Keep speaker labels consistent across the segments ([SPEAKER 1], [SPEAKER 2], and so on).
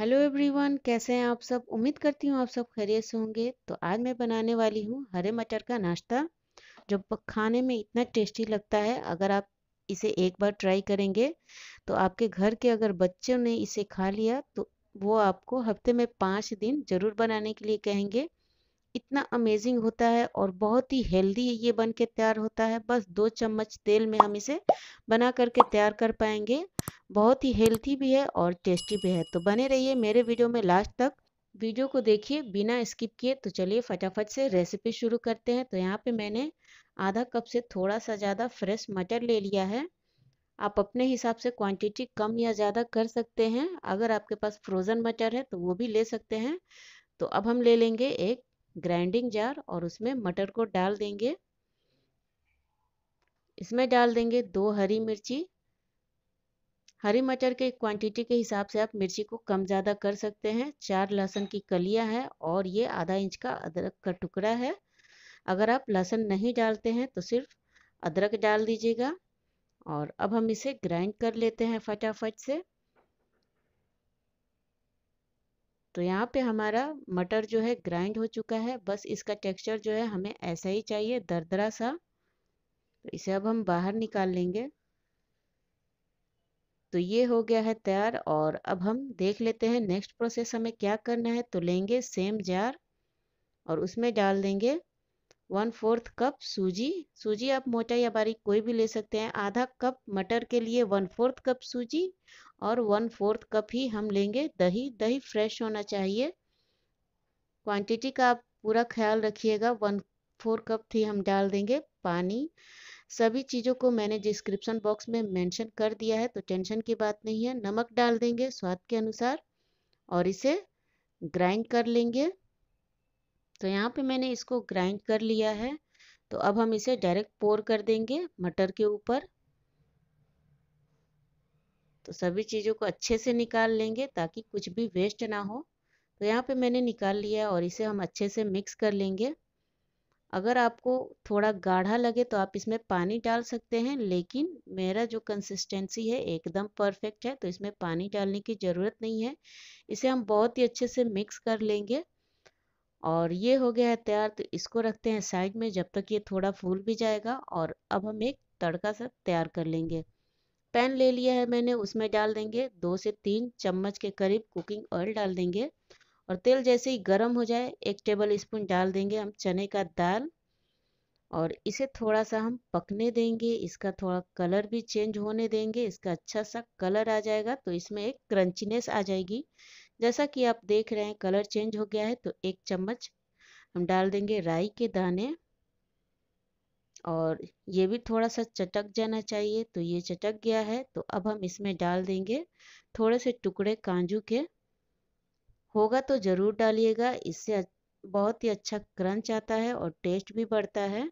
[SPEAKER 1] hello everyone कैसे हैं आप सब उम्मीद करती हूँ आप सब खैरियत से होंगे तो आज मैं बनाने वाली हूँ हरे मटर का नाश्ता जो खाने में इतना टेस्टी लगता है अगर आप इसे एक बार ट्राई करेंगे तो आपके घर के अगर बच्चों ने इसे खा लिया तो वो आपको हफ्ते में पाँच दिन ज़रूर बनाने के लिए कहेंगे इतना अमेजिंग होता है और बहुत ही हेल्दी ये बन के तैयार होता है बस दो चम्मच तेल में हम इसे बना करके तैयार कर पाएंगे बहुत ही हेल्थी भी है और टेस्टी भी है तो बने रहिए मेरे वीडियो में लास्ट तक वीडियो को देखिए बिना स्किप किए तो चलिए फटाफट से रेसिपी शुरू करते हैं तो यहाँ पे मैंने आधा कप से थोड़ा सा ज़्यादा फ्रेश मटर ले लिया है आप अपने हिसाब से क्वांटिटी कम या ज़्यादा कर सकते हैं अगर आपके पास फ्रोज़न मटर है तो वो भी ले सकते हैं तो अब हम ले लेंगे एक ग्राइंडिंग जार और उसमें मटर को डाल देंगे इसमें डाल देंगे दो हरी मिर्ची हरी मटर के क्वांटिटी के हिसाब से आप मिर्ची को कम ज़्यादा कर सकते हैं चार लहसुन की कलियां हैं और ये आधा इंच का अदरक का टुकड़ा है अगर आप लहसुन नहीं डालते हैं तो सिर्फ अदरक डाल दीजिएगा और अब हम इसे ग्राइंड कर लेते हैं फटाफट से तो यहाँ पे हमारा मटर जो है ग्राइंड हो चुका है बस इसका टेक्सचर जो है हमें ऐसा ही चाहिए दरदरा सा तो इसे अब हम बाहर निकाल लेंगे तो ये हो गया है तैयार और अब हम देख लेते हैं नेक्स्ट प्रोसेस हमें क्या करना है तो लेंगे सेम जार और उसमें डाल देंगे वन फोर्थ कप सूजी सूजी आप मोटा या बारीक कोई भी ले सकते हैं आधा कप मटर के लिए वन फोर्थ कप सूजी और वन फोर्थ कप ही हम लेंगे दही दही फ्रेश होना चाहिए क्वांटिटी का आप पूरा ख्याल रखिएगा वन फोर कप थी हम डाल देंगे पानी सभी चीज़ों को मैंने डिस्क्रिप्शन बॉक्स में मेंशन कर दिया है तो टेंशन की बात नहीं है नमक डाल देंगे स्वाद के अनुसार और इसे ग्राइंड कर लेंगे तो यहाँ पे मैंने इसको ग्राइंड कर लिया है तो अब हम इसे डायरेक्ट पोर कर देंगे मटर के ऊपर तो सभी चीज़ों को अच्छे से निकाल लेंगे ताकि कुछ भी वेस्ट ना हो तो यहाँ पे मैंने निकाल लिया और इसे हम अच्छे से मिक्स कर लेंगे अगर आपको थोड़ा गाढ़ा लगे तो आप इसमें पानी डाल सकते हैं लेकिन मेरा जो कंसिस्टेंसी है एकदम परफेक्ट है तो इसमें पानी डालने की ज़रूरत नहीं है इसे हम बहुत ही अच्छे से मिक्स कर लेंगे और ये हो गया है तैयार तो इसको रखते हैं साइड में जब तक ये थोड़ा फूल भी जाएगा और अब हम एक तड़का सा तैयार कर लेंगे पैन ले लिया है मैंने उसमें डाल देंगे दो से तीन चम्मच के करीब कुकिंग ऑयल डाल देंगे और तेल जैसे ही गर्म हो जाए एक टेबल स्पून डाल देंगे हम चने का दाल और इसे थोड़ा सा हम पकने देंगे इसका थोड़ा कलर भी चेंज होने देंगे इसका अच्छा सा कलर आ जाएगा तो इसमें एक क्रंचीनेस आ जाएगी जैसा कि आप देख रहे हैं कलर चेंज हो गया है तो एक चम्मच हम डाल देंगे राई के दाने और ये भी थोड़ा सा चटक जाना चाहिए तो ये चटक गया है तो अब हम इसमें डाल देंगे थोड़े से टुकड़े काजू के होगा तो ज़रूर डालिएगा इससे बहुत ही अच्छा क्रंच आता है और टेस्ट भी बढ़ता है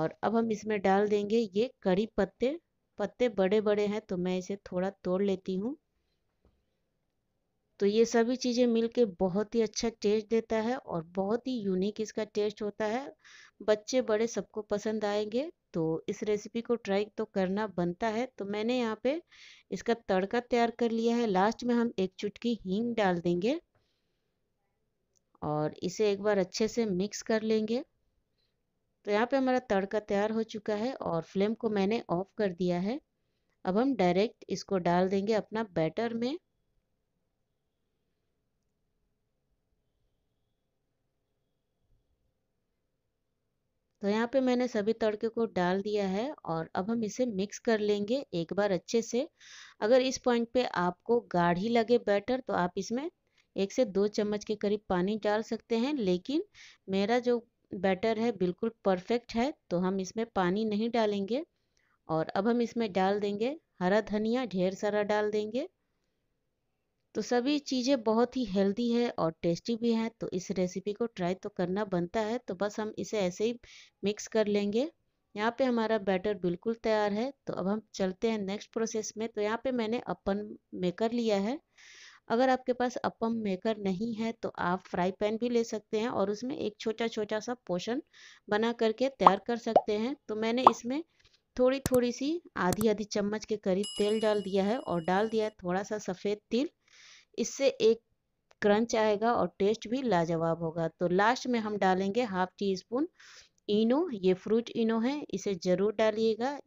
[SPEAKER 1] और अब हम इसमें डाल देंगे ये कड़ी पत्ते पत्ते बड़े बड़े हैं तो मैं इसे थोड़ा तोड़ लेती हूँ तो ये सभी चीज़ें मिलके बहुत ही अच्छा टेस्ट देता है और बहुत ही यूनिक इसका टेस्ट होता है बच्चे बड़े सबको पसंद आएंगे तो इस रेसिपी को ट्राई तो करना बनता है तो मैंने यहाँ पे इसका तड़का तैयार कर लिया है लास्ट में हम एक चुटकी हींग डाल देंगे और इसे एक बार अच्छे से मिक्स कर लेंगे तो यहाँ पे हमारा तड़का तैयार हो चुका है और फ्लेम को मैंने ऑफ कर दिया है अब हम डायरेक्ट इसको डाल देंगे अपना बैटर में तो यहाँ पे मैंने सभी तड़के को डाल दिया है और अब हम इसे मिक्स कर लेंगे एक बार अच्छे से अगर इस पॉइंट पे आपको गाढ़ी लगे बैटर तो आप इसमें एक से दो चम्मच के करीब पानी डाल सकते हैं लेकिन मेरा जो बैटर है बिल्कुल परफेक्ट है तो हम इसमें पानी नहीं डालेंगे और अब हम इसमें डाल देंगे हरा धनिया ढेर सारा डाल देंगे तो सभी चीज़ें बहुत ही हेल्दी है और टेस्टी भी है तो इस रेसिपी को ट्राई तो करना बनता है तो बस हम इसे ऐसे ही मिक्स कर लेंगे यहाँ पे हमारा बैटर बिल्कुल तैयार है तो अब हम चलते हैं नेक्स्ट प्रोसेस में तो यहाँ पे मैंने अपन मेकर लिया है अगर आपके पास अपम मेकर नहीं है तो आप फ्राई पैन भी ले सकते हैं और उसमें एक छोटा छोटा सा पोषण बना करके तैयार कर सकते हैं तो मैंने इसमें थोड़ी थोड़ी सी आधी आधी चम्मच के करीब तेल डाल दिया है और डाल दिया है थोड़ा सा सफ़ेद तिल इससे एक क्रंच आएगा और टेस्ट भी लाजवाब होगा तो लास्ट में हम डालेंगे हाफ टी स्पून इनो ये फ्रूट इनो है इसे ज़रूर डालिएगा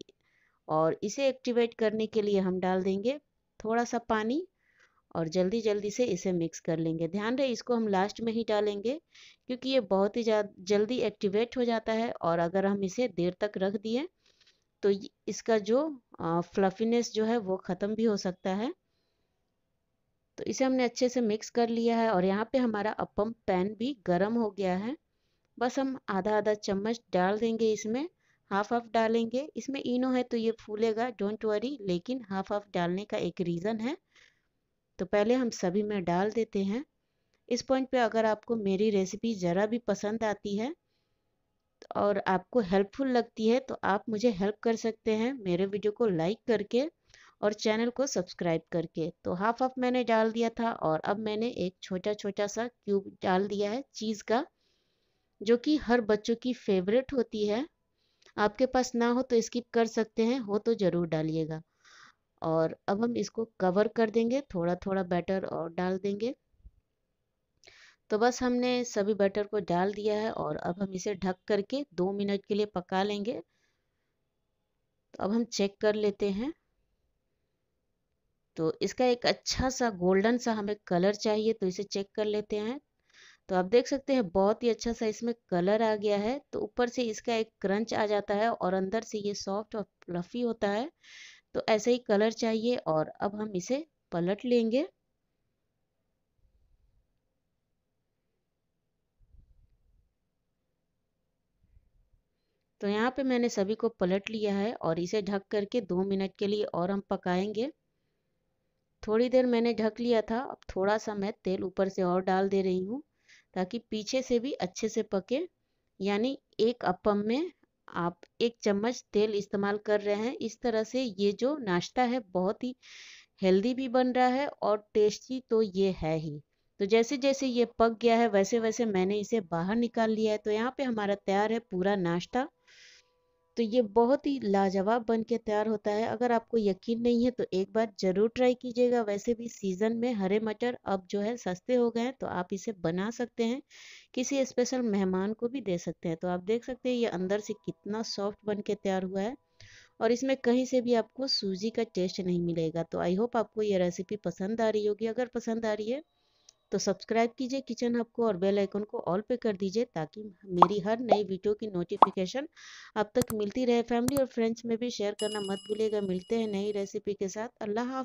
[SPEAKER 1] और इसे एक्टिवेट करने के लिए हम डाल देंगे थोड़ा सा पानी और जल्दी जल्दी से इसे मिक्स कर लेंगे ध्यान रहे इसको हम लास्ट में ही डालेंगे क्योंकि ये बहुत ही जल्दी एक्टिवेट हो जाता है और अगर हम इसे देर तक रख दिए तो इसका जो फ्लफीनेस जो है वो ख़त्म भी हो सकता है तो इसे हमने अच्छे से मिक्स कर लिया है और यहाँ पे हमारा अपम पैन भी गर्म हो गया है बस हम आधा आधा चम्मच डाल देंगे इसमें हाफ हाफ डालेंगे इसमें इनो है तो ये फूलेगा डोंट वरी लेकिन हाफ हाफ डालने का एक रीज़न है तो पहले हम सभी में डाल देते हैं इस पॉइंट पे अगर आपको मेरी रेसिपी ज़रा भी पसंद आती है और आपको हेल्पफुल लगती है तो आप मुझे हेल्प कर सकते हैं मेरे वीडियो को लाइक करके और चैनल को सब्सक्राइब करके तो हाफ हाफ मैंने डाल दिया था और अब मैंने एक छोटा छोटा सा क्यूब डाल दिया है चीज़ का जो कि हर बच्चों की फेवरेट होती है आपके पास ना हो तो स्किप कर सकते हैं हो तो ज़रूर डालिएगा और अब हम इसको कवर कर देंगे थोड़ा थोड़ा बैटर और डाल देंगे तो बस हमने सभी बैटर को डाल दिया है और अब हम इसे ढक करके दो मिनट के लिए पका लेंगे तो अब हम चेक कर लेते हैं तो इसका एक अच्छा सा गोल्डन सा हमें कलर चाहिए तो इसे चेक कर लेते हैं तो आप देख सकते हैं बहुत ही अच्छा सा इसमें कलर आ गया है तो ऊपर से इसका एक क्रंच आ जाता है और अंदर से ये सॉफ्ट और फ्लफी होता है तो ऐसे ही कलर चाहिए और अब हम इसे पलट लेंगे तो यहाँ पे मैंने सभी को पलट लिया है और इसे ढक करके दो मिनट के लिए और हम पकाएंगे थोड़ी देर मैंने ढक लिया था अब थोड़ा सा मैं तेल ऊपर से और डाल दे रही हूँ ताकि पीछे से भी अच्छे से पके यानी एक अपम में आप एक चम्मच तेल इस्तेमाल कर रहे हैं इस तरह से ये जो नाश्ता है बहुत ही हेल्दी भी बन रहा है और टेस्टी तो ये है ही तो जैसे जैसे ये पक गया है वैसे वैसे मैंने इसे बाहर निकाल लिया है तो यहाँ पे हमारा तैयार है पूरा नाश्ता तो ये बहुत ही लाजवाब बन के तैयार होता है अगर आपको यकीन नहीं है तो एक बार ज़रूर ट्राई कीजिएगा वैसे भी सीज़न में हरे मटर अब जो है सस्ते हो गए हैं तो आप इसे बना सकते हैं किसी स्पेशल मेहमान को भी दे सकते हैं तो आप देख सकते हैं ये अंदर से कितना सॉफ्ट बन के तैयार हुआ है और इसमें कहीं से भी आपको सूजी का टेस्ट नहीं मिलेगा तो आई होप आपको ये रेसिपी पसंद आ रही होगी अगर पसंद आ रही है तो सब्सक्राइब कीजिए किचन हब को और बेल आइकन को ऑल पे कर दीजिए ताकि मेरी हर नई वीडियो की नोटिफिकेशन अब तक मिलती रहे फैमिली और फ्रेंड्स में भी शेयर करना मत भूलिएगा मिलते हैं नई रेसिपी के साथ अल्लाह